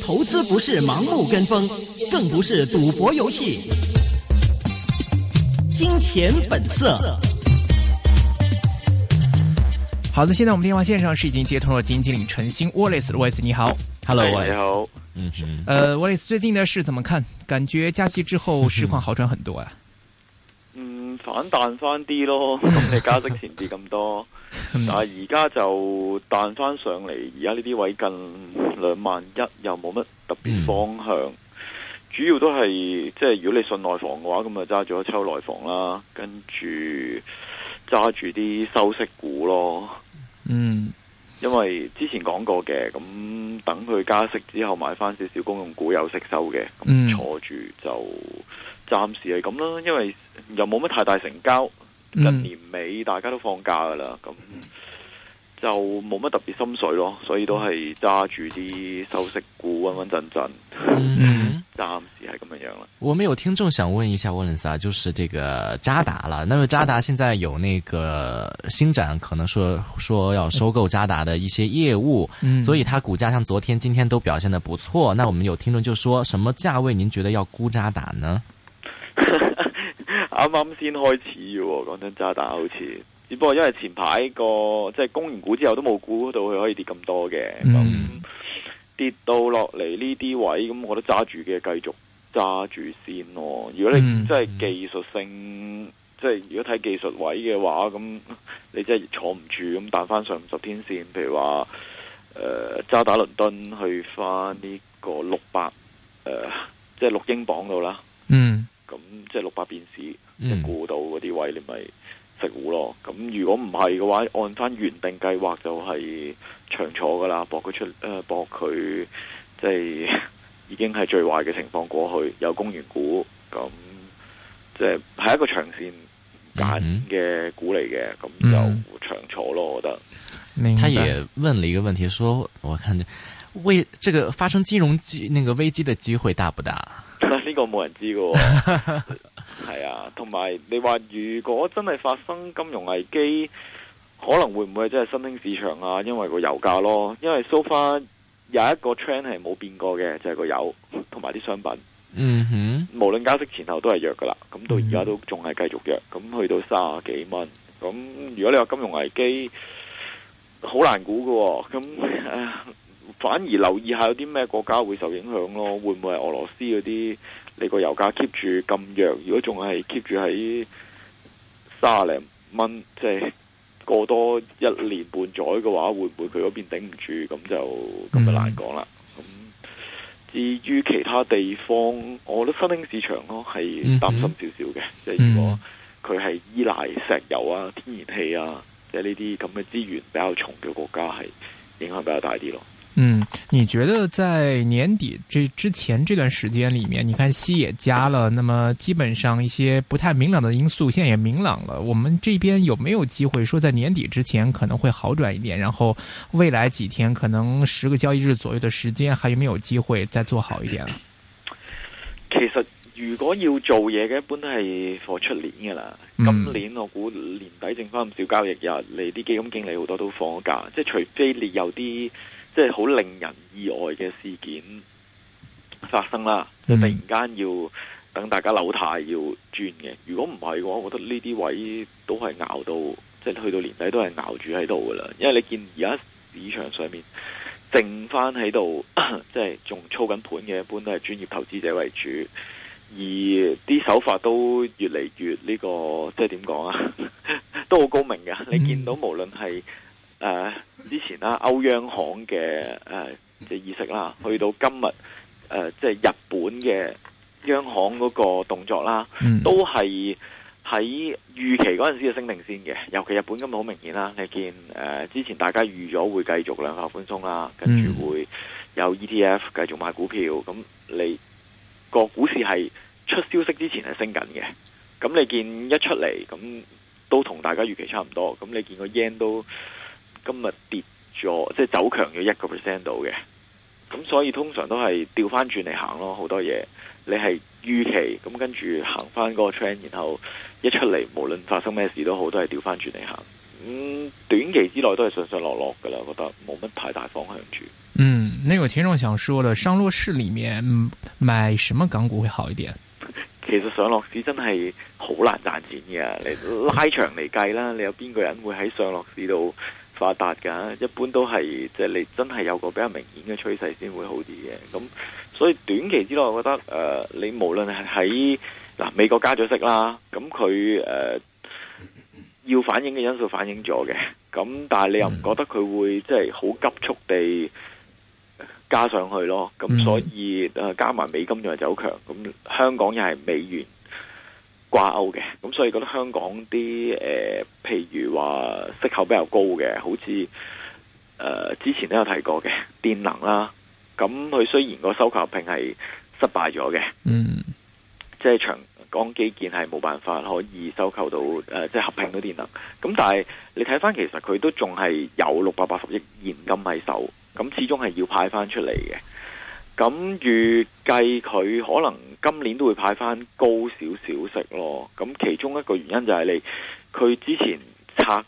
投資不是盲目跟風，更不是賭博遊戲。金錢本色。好的，現在我們電話線上是已經接通了基金經理陳昕 Wallace。Wallace，你好，Hello，你好。嗯，呃 Wallace 最近呢是怎麼看？感覺加息之後市況好轉很多啊。嗯，反彈翻啲咯，咁你加息前跌咁多。嗯、但係而家就彈翻上嚟，而家呢啲位近兩萬一，又冇乜特別方向，嗯、主要都係即係如果你信內房嘅話，咁咪揸住一抽內房啦，跟住揸住啲收息股咯。嗯，因為之前講過嘅，咁等佢加息之後買翻少少公用股有息收嘅，咁坐住就暫時係咁啦，因為又冇乜太大成交。一年尾大家都放假噶啦，咁、嗯、就冇乜特別心水咯，所以都係揸住啲收息股穩穩陣陣，嗯、暫時係咁樣樣啦。我們有聽眾想問一下 Wallace Sir 就是這個渣打啦，那麼渣打現在有那個星展，可能說說要收購渣打的一些業務，嗯、所以它股價像昨天、今天都表現得不錯。那我們有聽眾就說什麼價位，您覺得要沽渣打呢？ 啱啱先開始喎，講真渣打好似，只不過因為前排，那個即係供完股之後，都冇估到佢可以跌咁多嘅。咁、嗯、跌到落嚟呢啲位，咁我覺得揸住嘅繼續揸住先咯，哦。如果你、嗯、真係技術性，即係如果睇技術位嘅話，咁你真係坐唔住，咁彈翻上五十天線，譬如話誒渣打倫敦去翻呢個六百誒，即係六英鎊度啦。嗯。咁即係六百變市，即係估到嗰啲位你咪食糊咯。咁如果唔係嘅話，按翻原定計劃就係長坐噶啦，搏佢出誒，搏佢即係已經係最壞嘅情況過去。有公園股，咁即係係一個長線揀嘅股嚟嘅，咁就長坐咯。我覺得。明。他也問了一個問題，說：，我看為，這個發生金融機那個危機的機會大不大？這個冇人知噶喎，係啊，同埋你話如果真係發生金融危機，可能會唔會真係新興市場啊？因為個油價咯，因為 so far 有一個 trend 係冇變過嘅，就係個油同埋啲商品。嗯哼，無論加息前後都係弱噶啦，咁到而家都仲係繼續弱，咁去到三十幾蚊。咁如果你話金融危機，好難估噶喎，咁。反而留意下有啲咩國家會受影響咯，會唔會係俄羅斯嗰啲？你個油價 keep 住咁弱，如果仲係 keep 住喺卅零蚊，即係過多一年半載嘅話，會唔會佢嗰邊頂唔住？咁就咁就難講啦。咁、嗯、至於其他地方，我覺得新興市場咯係擔心少少嘅，即係、嗯嗯、如果佢係依賴石油啊、天然氣啊，即係呢啲咁嘅資源比較重嘅國家，係影響比較大啲咯。嗯，你覺得在年底這之前這段時間裏面，你看息也加了，那麼基本上一些不太明朗的因素，現在也明朗了。我們這邊有沒有機會說在年底之前可能會好轉一點？然後未來幾天可能十個交易日左右的時間，還有沒有機會再做好一點？其實如果要做嘢嘅，一般都係貨出年噶啦。嗯、今年我估年底剩翻唔少交易日，你啲基金經理好多都放咗假，即係除非你有啲。即係好令人意外嘅事件發生啦！即、嗯、突然間要等大家扭軚要轉嘅，如果唔係嘅話，我覺得呢啲位都係熬到，即係去到年底都係熬住喺度噶啦。因為你見而家市場上面剩翻喺度，即係仲操緊盤嘅，一般都係專業投資者為主，而啲手法都越嚟越呢個，即係點講啊？都好高明嘅。嗯、你見到無論係誒。呃之前啦，歐央行嘅誒嘅意識啦，去到今日誒，即、呃、係、就是、日本嘅央行嗰個動作啦，嗯、都係喺預期嗰陣時嘅升定先嘅。尤其日本今日好明顯啦，你見誒、呃、之前大家預咗會繼續量化寬鬆啦，跟住、嗯、會有 ETF 繼續買股票，咁你、這個股市係出消息之前係升緊嘅。咁你見一出嚟，咁都同大家預期差唔多。咁你見個 yen 都。今日跌咗，即係走強咗一個 percent 到嘅，咁所以通常都係調翻轉嚟行咯。好多嘢你係預期，咁跟住行翻嗰個 train，然後一出嚟無論發生咩事都好，都係調翻轉嚟行。嗯，短期之內都係上上落落噶啦，覺得冇乜太大方向住。嗯，呢個聽眾想說啦，上落市裏面買什麼港股會好一點？其實上落市真係好難賺錢嘅，你拉長嚟計啦，你有邊個人會喺上落市度？發達噶，一般都係即係你真係有個比較明顯嘅趨勢先會好啲嘅，咁所以短期之內我覺得誒、呃，你無論係喺嗱美國加咗息啦，咁佢誒要反映嘅因素反映咗嘅，咁但係你又唔覺得佢會即係好急速地加上去咯？咁所以加埋美金就係走強，咁香港又係美元。掛鈎嘅，咁、嗯、所以覺得香港啲誒、呃，譬如話息口比較高嘅，好似誒、呃、之前都有睇過嘅電能啦。咁佢雖然個收購合併係失敗咗嘅，嗯，即係長江基建係冇辦法可以收購到誒、呃，即係合併到電能。咁但係你睇翻其實佢都仲係有六百八十億現金喺手，咁始終係要派翻出嚟嘅。咁預計佢可能今年都會派翻高少少息咯。咁其中一個原因就係你佢之前拆完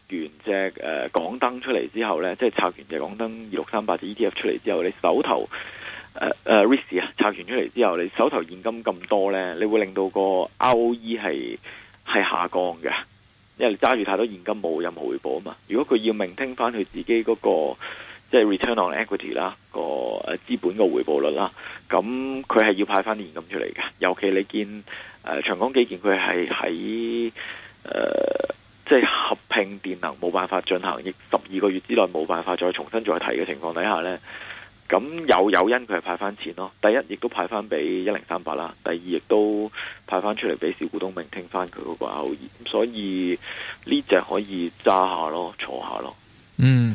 隻、呃、港燈出嚟之後呢，即、就、係、是、拆完隻港燈二六三八隻 E T F 出嚟之後，你手頭呃，誒 risk 啊 IS，拆完出嚟之後，你手頭現金咁多呢，你會令到個 ROE 係係下降嘅，因為你揸住太多現金冇任何回報啊嘛。如果佢要明聽翻佢自己嗰、那個。即係 return on equity 啦，個誒資本個回報率啦，咁佢係要派翻啲現金出嚟嘅。尤其你見誒、呃、長江基建佢係喺誒即係合併電能冇辦法進行，亦十二個月之內冇辦法再重新再提嘅情況底下咧，咁又有，有因佢係派翻錢咯。第一亦都派翻俾一零三八啦，第二亦都派翻出嚟俾小股東明聽翻佢個話，所以呢只可以揸下咯，坐一下咯，嗯。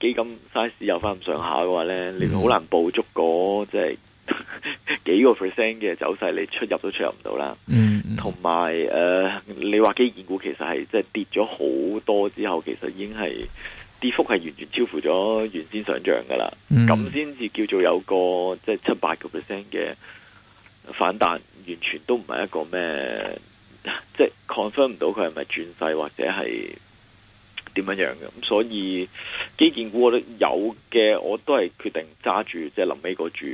基金 size 有翻咁上下嘅話咧，你好難捕捉個即係幾個 percent 嘅走勢，你出入都出入唔到啦。嗯，同埋誒，你話基建股其實係即係跌咗好多之後，其實已經係跌幅係完全超乎咗原先想象噶啦。咁先至叫做有個即係七八個 percent 嘅反彈，完全都唔係一個咩，即係 confirm 唔到佢係咪轉勢或者係點樣樣嘅咁，所以基建股我有嘅我都係決定揸住，即係臨尾嗰注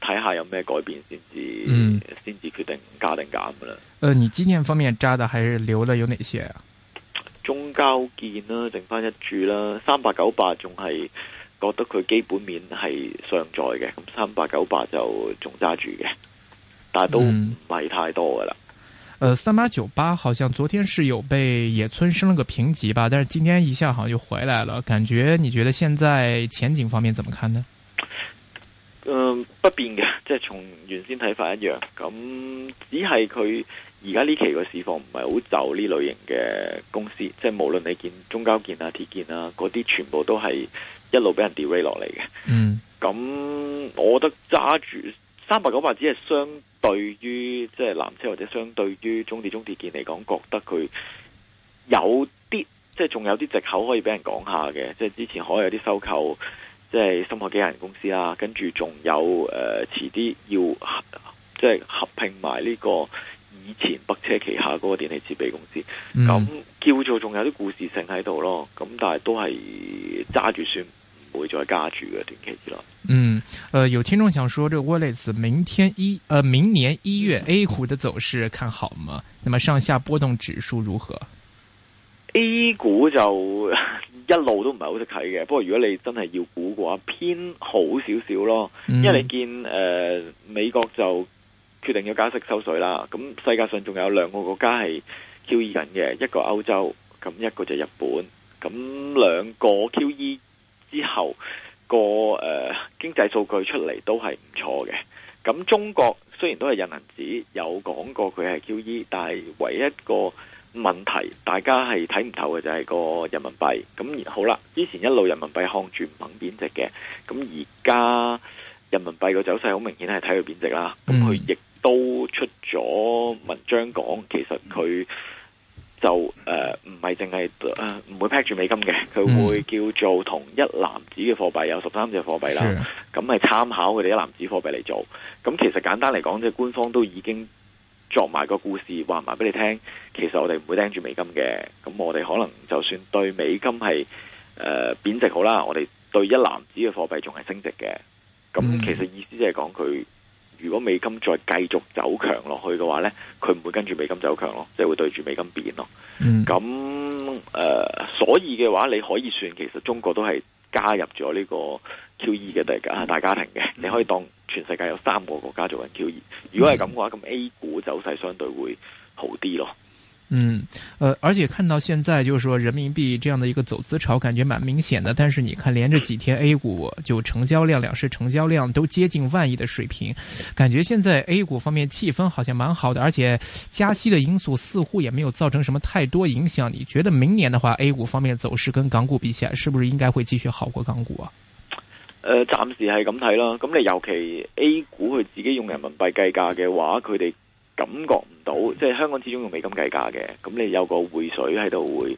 睇下有咩改變先至，先至決定加定減嘅啦。誒，你基建方面揸得還是留了有哪些啊？中交建啦、啊，剩翻一注啦，三八九八仲係覺得佢基本面係尚在嘅，咁三八九八就仲揸住嘅，但係都唔係太多噶啦。呃、三八九八好像昨天是有被野村升了個評級吧，但是今天一下好像就回來了，感覺你覺得現在前景方面怎麼看呢？嗯、呃，不變嘅，即係從原先睇法一樣，咁只係佢而家呢期個市況唔係好就呢類型嘅公司，即係無論你建中交建啊、鐵建啊，嗰啲全部都係一路俾人 delay 落嚟嘅。嗯，咁我覺得揸住三百九八只係相。對於即係南車或者相對於中鐵、中鐵建嚟講，覺得佢有啲即係仲有啲借口可以俾人講下嘅，即係之前可以有啲收購，即係深海機器人公司啦，跟住仲有誒、呃，遲啲要即係合併埋呢個以前北車旗下嗰個電氣設備公司，嗯，咁叫做仲有啲故事性喺度咯。咁但係都係揸住算。唔會再加注嘅，短期之內。嗯，誒、呃，有聽眾想說，這個、Wallace 明天一，誒、呃，明年一月 A 股的走勢看好嗎？那麼上下波動指數如何？A 股就一路都唔係好識睇嘅，不過如果你真係要估嘅話，偏好少少咯。嗯、因為你見誒、呃、美國就決定要加息收水啦，咁世界上仲有兩個、個國家係 QE 緊嘅，一個歐洲，咁一個就是日本，咁兩個 QE。之後、那個誒、呃、經濟數據出嚟都係唔錯嘅，咁中國雖然都係印銀紙，有講過佢係 QE，但係唯一,一個問題大家係睇唔透嘅就係個人民幣，咁好啦，之前一路人民幣看住唔肯貶值嘅，咁而家人民幣個走勢好明顯係睇佢貶值啦，咁佢亦都出咗文章講，其實佢。就誒唔係淨係唔會 peg 住美金嘅，佢會叫做同一籃子嘅貨幣，有十三隻貨幣啦。咁係的參考佢哋一籃子貨幣嚟做。咁其實簡單嚟講，即係官方都已經作埋個故事話埋俾你聽。其實我哋唔會盯住美金嘅。咁我哋可能就算對美金係誒、呃、貶值好啦，我哋對一籃子嘅貨幣仲係升值嘅。咁其實意思即係講佢。如果美金再繼續走強落去嘅話呢，佢唔會跟住美金走強咯，即係會對住美金變咯。咁、嗯呃、所以嘅話，你可以算其實中國都係加入咗呢個 QE 嘅大大家庭嘅，嗯、你可以當全世界有三個國家做緊 QE。嗯、如果係咁嘅話，咁 A 股走勢相對會好啲咯。嗯，呃，而且看到現在就是說人民幣這樣的一個走資潮，感覺蠻明顯的。但是你看，連着幾天 A 股就成交量、兩市成交量都接近萬億的水平，感覺現在 A 股方面氣氛好像蠻好的。而且加息的因素似乎也沒有造成什麼太多影響。你覺得明年的話，A 股方面走勢跟港股比起來，是不是應該會繼續好過港股啊？呃，暫時係咁睇啦。咁你尤其 A 股佢自己用人民幣計價嘅話，佢哋。感覺唔到，即係香港始終用美金計價嘅，咁你有個匯水喺度會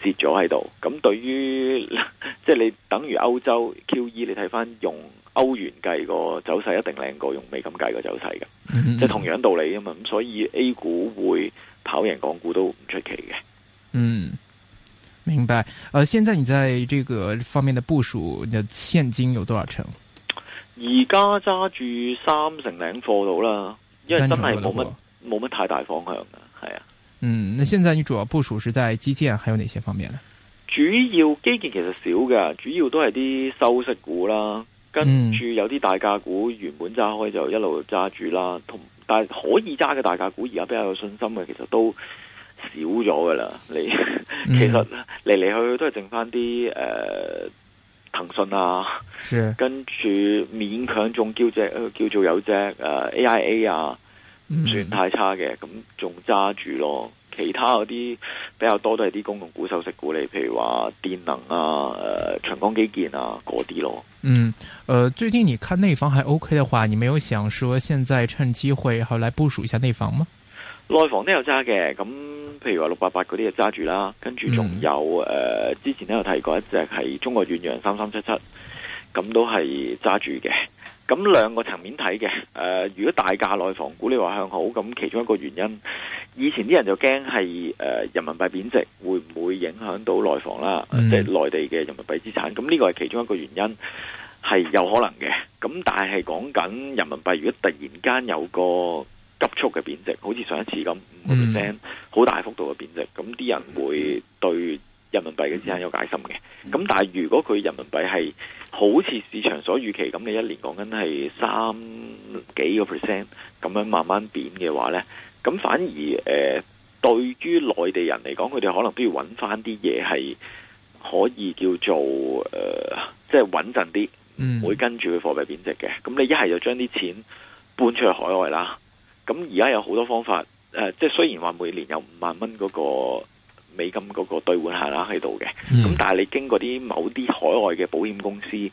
蝕咗喺度。咁對於即係你等於歐洲 QE，你睇翻，用歐元計個走勢一定靚過用美金計個走勢嘅，嗯、即係同樣道理啊嘛。咁所以 A 股會跑贏港股都唔出奇嘅。嗯，明白。誒、呃，現在你在這個方面的部署嘅現金有多少成？而家揸住三成零貨度啦。因為真係冇乜冇乜太大方向嘅，係啊。嗯，那現在你主要部署是在基建，還有哪些方面呢？主要基建其實少嘅，主要都係啲收息股啦，跟住有啲大價股原本揸開就一路揸住啦，同、嗯、但係可以揸嘅大價股而家比較有信心嘅，其實都少咗噶啦。你其實嚟嚟去去都係剩翻啲誒。呃.騰訊啊，是跟住勉強仲叫隻、呃、叫做有隻誒 A I A 啊，唔算太差嘅，咁仲揸住咯。其他嗰啲比較多都係啲公用股、收息股，你譬如話電能啊、誒、呃、長江基建啊嗰啲咯。嗯，誒、呃，最近你看內房還 OK 嘅話，你沒有想說現在趁機會好來部署一下內房嗎？內房都有揸嘅，咁譬如話六八八嗰啲就揸住啦，跟住仲有誒、嗯呃，之前都有提過一隻係中國遠洋三三七七，咁都係揸住嘅。咁兩個層面睇嘅，誒、呃，如果大價內房股你話向好，咁其中一個原因，以前啲人就驚係誒人民幣貶值會唔會影響到內房啦，嗯、即係內地嘅人民幣資產，咁呢個係其中一個原因係有可能嘅。咁但係講緊人民幣如果突然間有個急速嘅貶值，好似上一次咁五個 percent，好大幅度嘅貶值，咁啲人會對人民幣嘅資產有戒心嘅。咁但係如果佢人民幣係好似市場所預期咁你一年講緊係三幾個 percent 咁樣慢慢貶嘅話咧，咁反而誒、呃、對於內地人嚟講，佢哋可能都要揾翻啲嘢係可以叫做誒即係穩陣啲，呃就是嗯、會跟住佢貨幣貶值嘅。咁你一係就將啲錢搬出去海外啦。咁而家有好多方法，誒、呃，即係雖然話每年有五萬蚊嗰個美金嗰個兌換限額喺度嘅，咁、嗯、但係你經過啲某啲海外嘅保險公司，誒、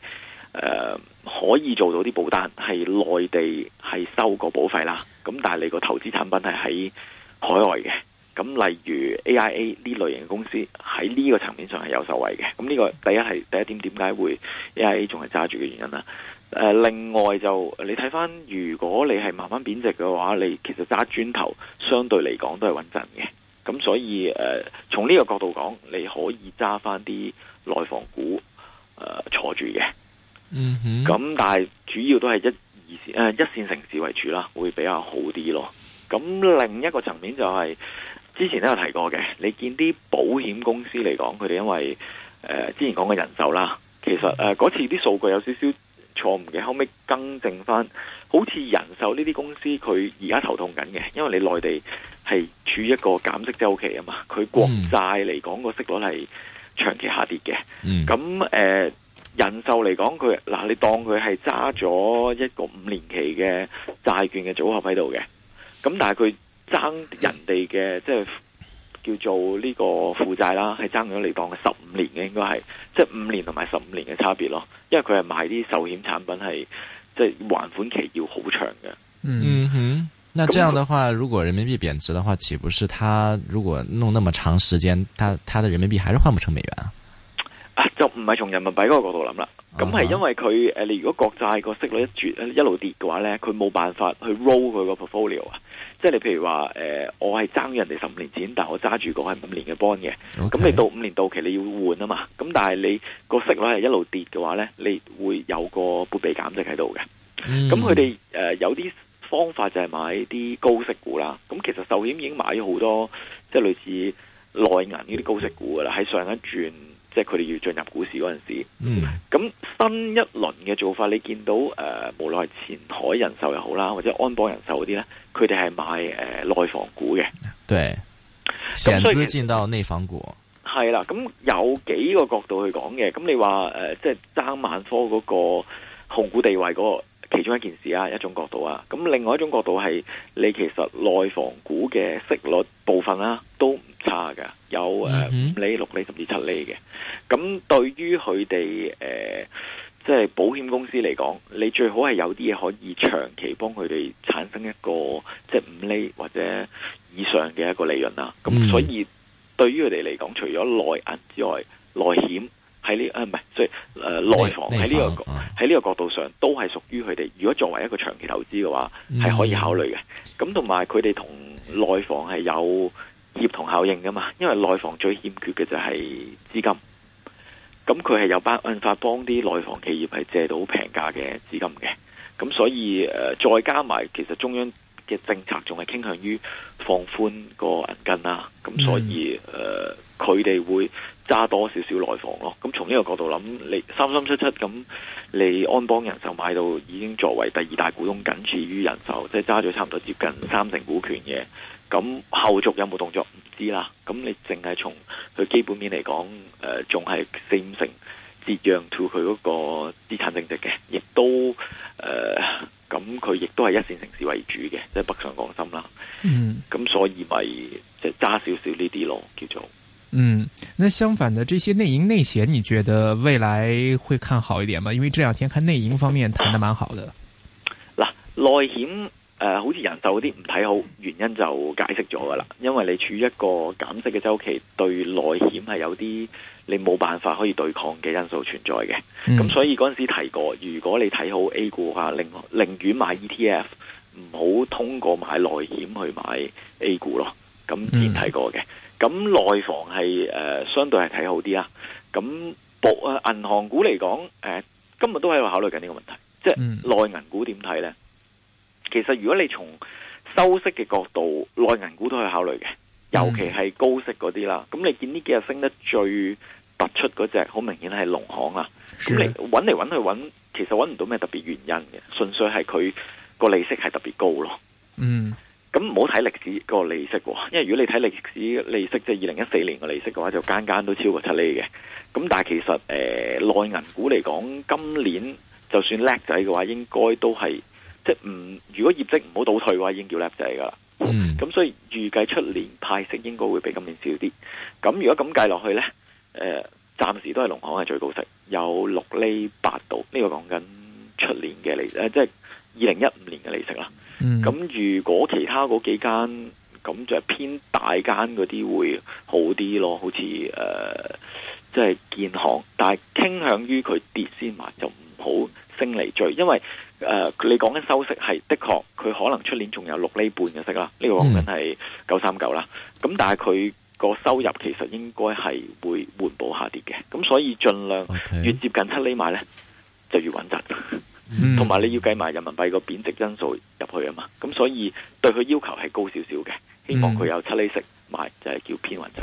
呃，可以做到啲保單係內地係收過保費啦，咁但係你個投資產品係喺海外嘅，咁例如 AIA 呢類型嘅公司喺呢個層面上係有受惠嘅，咁呢個第一係第一點點解會 AIA 仲係揸住嘅原因啦。呃、另外就你睇翻，如果你係慢慢貶值嘅話，你其實揸磚頭相對嚟講都係穩陣嘅。咁所以誒、從、呃、呢個角度講，你可以揸翻啲內房股、呃、坐住嘅。嗯哼。咁但係主要都係一二線一線城市為主啦，會比較好啲咯。咁另一個層面就係、係、之前都有提過嘅，你見啲保險公司嚟講，佢哋因為、呃、之前講嘅人壽啦，其實嗰、呃、次啲數據有少少。錯誤嘅，後尾更正翻，好似人壽呢啲公司佢而家頭痛緊嘅，因為你內地係處一個減息周期啊嘛，佢國債嚟講個息率係長期下跌嘅，咁、嗯呃、人壽嚟講佢嗱，你當佢係揸咗一個五年期嘅債券嘅組合喺度嘅，咁但係佢爭人哋嘅、嗯、即係。叫做呢個負債啦，係爭咗嚟當十五年嘅，應該係即係五年同埋十五年嘅差別咯。因為佢係買啲壽險產品是，係即係還款期要好長嘅。嗯哼，那這樣的話，如果人民幣貶值的話，豈不是他如果弄那麼長時間，他他的人民幣還是換不成美元啊？啊，就唔係從人民幣嗰個角度諗啦。咁係、啊、因為佢，誒，你如果國債個息率一轉一路跌嘅話咧，佢冇辦法去 roll 佢個 portfolio 啊。即係你譬如話誒、呃，我係爭人哋十五年錢，但我揸住個係五年嘅 bond 嘅。咁 okay, 你到五年到期你要換啊嘛。咁但係你個息率係一路跌嘅話咧，你會有個撥備減值喺度嘅。咁佢哋誒有啲方法就係買啲高息股啦。咁其實壽險已經買咗好多即係類似內銀呢啲高息股噶啦，喺上一轉。即係佢哋要進入股市嗰陣時候，咁、嗯、新一輪嘅做法，你見到誒、呃，無論係前海人壽又好啦，或者安邦人壽嗰啲咧，佢哋係買誒內、呃、房股嘅。對，險資進到內房股係啦，咁以有幾個角度去講嘅。咁你話誒，即係爭萬科嗰個控股地位嗰個其中一件事啊，一種角度啊。咁另外一種角度係，你其實內房股嘅息率部分啦、啊，都。差嘅有誒五厘六厘甚至七厘嘅，咁對於佢哋誒，即係保險公司嚟講，你最好係有啲嘢，可以長期幫佢哋產生一個即係五厘或者以上嘅一個利潤啦。咁所以對於佢哋嚟講，除咗內銀之外，內險喺呢誒唔係即係誒內房喺呢個喺呢個角度上都係屬於佢哋。如果作為一個長期投資嘅話，係可以考慮嘅。咁同埋佢哋同內房係有。協同效應噶嘛，因為內房最欠缺嘅就係資金，咁佢係有辦法幫啲內房企業係借到平價嘅資金嘅，咁所以誒、呃、再加埋，其實中央嘅政策仲係傾向於放寬個銀根啦，咁所以誒佢哋會揸多少少內房咯，咁從呢個角度諗，你三三七七咁，你安邦人壽買到已經作為第二大股東，僅次於人壽，即係揸咗差唔多接近三成股權嘅。咁後續有冇動作唔知啦。咁你淨係從佢基本面嚟講，誒仲係四五成折讓 to 佢嗰個資產價值嘅，亦都誒咁佢亦都係一線城市為主嘅，即係北上廣深啦。嗯，咁所以咪就揸少少呢啲咯，叫做嗯。那相反的，這些內營內險，你覺得未來會看好一點嗎？因為這兩天看內營方面談得蠻好的。嗱，內險。誒、呃，好似人壽嗰啲唔睇好，原因就解釋咗㗎啦。因為你處於一個減息嘅週期，對內險係有啲你冇辦法可以對抗嘅因素存在嘅。咁、嗯、所以嗰陣時提過，如果你睇好 A 股嘅話，寧寧願買 ETF，唔好通過買內險去買 A 股咯。咁見提過嘅。咁內、嗯、房係誒、呃，相對係睇好啲啦。咁銀行股嚟講，誒、呃，今日都喺度考慮緊呢個問題，即係內銀股點睇呢？其實如果你從收息嘅角度，內銀股都可以考慮嘅，尤其係高息嗰啲啦。咁、嗯、你見呢幾日升得最突出嗰隻，好明顯係農行啊。咁的你揾嚟揾去揾，其實揾唔到咩特別原因嘅，純粹係佢個利息係特別高咯。嗯，咁唔好睇歷史個利息喎，因為如果你睇歷史利息，即係二零一四年嘅利息嘅話，就間間都超過七厘嘅。咁但係其實誒內銀股嚟講，今年就算叻仔嘅話，應該都係。唔，如果業績唔好倒退嘅話，已經叫叻仔噶啦。咁、嗯、所以預計出年派息應該會比今年少啲。咁如果咁計落去呢，誒、呃，暫時都係農行係最高息，有六厘八度。呢、這個講緊出年嘅利誒，即係二零一五年嘅利息啦。咁、嗯、如果其他嗰幾間咁就偏大間嗰啲會好啲咯，好似誒，即係建行，但係傾向於佢跌先買，就唔好升嚟追，因為。誒、呃，你講緊收息係的確，佢可能出年仲有六厘半嘅息啦。呢、這個港股係九三九啦，咁但係佢個收入其實應該係會緩步下跌嘅，咁所以盡量越接近七厘買呢，嗯、就越穩陣。同埋、嗯、你要計埋人民幣個貶值因素入去啊嘛，咁所以對佢要求係高少少嘅，希望佢有七厘息買就係、是、叫偏穩陣。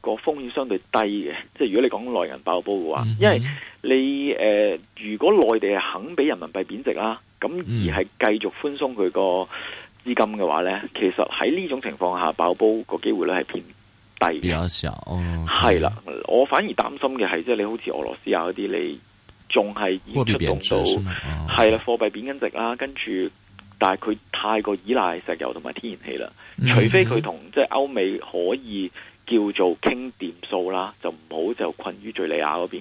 個風險相對低嘅，即、就、係、是、如果你講內銀爆煲嘅話，嗯、哼因為你誒、呃，如果內地係肯俾人民幣貶值啦，咁而係繼續寬鬆佢個資金嘅話呢，嗯、其實喺呢種情況下爆煲個機會率係偏低嘅。比較少係啦、okay.，我反而擔心嘅係即係你好似俄羅斯啊嗰啲，你仲係要出動到，係啦，貨幣貶緊值啦，跟住但係佢太過依賴石油同埋天然氣啦，嗯、哼除非佢同即係歐美可以。叫做傾掂數啦，就唔好就困於敘利亞嗰邊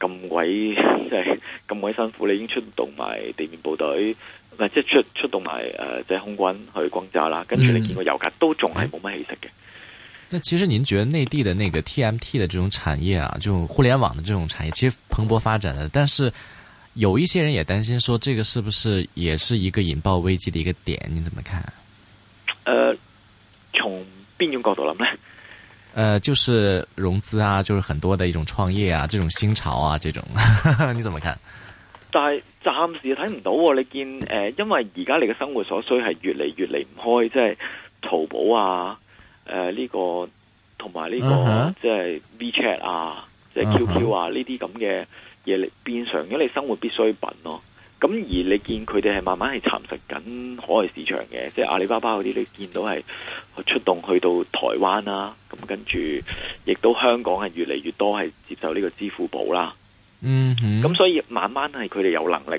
咁鬼即係咁鬼辛苦，你已經出動埋地面部隊，即係出出動埋誒、呃、即係空軍去轟炸啦。跟住你見個油價都仲係冇乜起色嘅。嗯哎、其實您覺得內地嘅個 TMT 嘅這種產業啊，就互聯網的這種產業，其實蓬勃發展的，但是有一些人也擔心說，這個是不是也是一個引爆危機的一個點？你怎麼看？誒、呃，從邊種角度諗呢？誒、呃，就是融資啊，就是很多的一種創業啊，這種新潮啊，這種，呵呵，你怎麼看？但係暫時睇唔到、哦，你見誒、呃，因為而家你嘅生活所需係越嚟越離唔開，即係淘寶啊，誒、呃、呢、這個同埋呢個、uh huh. 即係 WeChat 啊，即係 QQ 啊呢啲咁嘅嘢嚟變成咗你生活必需品咯、哦。咁而你見佢哋係慢慢係蠶食緊海外市場嘅，即係阿里巴巴嗰啲，你見到係出動去到台灣啦，咁跟住，亦都香港係越嚟越多係接受呢個支付寶啦。嗯哼，咁所以慢慢係佢哋有能力，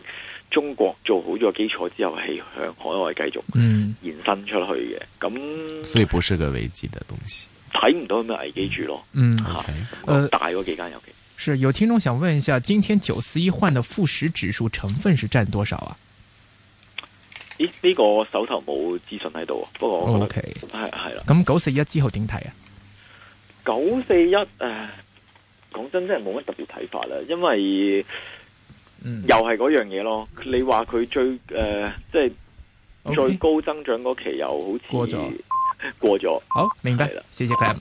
中國做好咗基礎之後，係向海外繼續延伸出去嘅。咁、嗯、那所以不是個危機嘅東西，睇唔到咩危機住咯。嗯，啊、okay, 大嗰幾間尤其。是有聽眾想問一下，今天九四一換的富時指數成分是佔多少啊？咦，呢、這個手頭冇資訊喺度啊，不過 O K，係係啦。咁九四一之後點睇啊？九四一誒，講真真係冇乜特別睇法啦，因為又係嗰樣嘢咯。你話佢最誒、呃，即係最高增長嗰期又好似過咗，好，明白。的謝謝佢